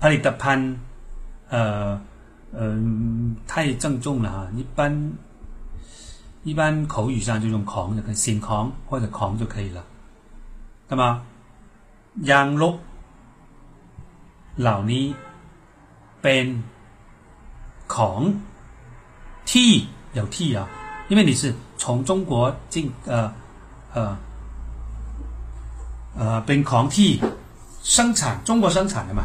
peter pan 呃嗯、呃、太鄭重了，一般一般口語上就用狂就可以，姓狂或者狂就可以了。那麼楊璐老尼變狂 t 有 t 啊，因為你是從中國進，呃呃呃變狂 t 生產，中國生產的嘛。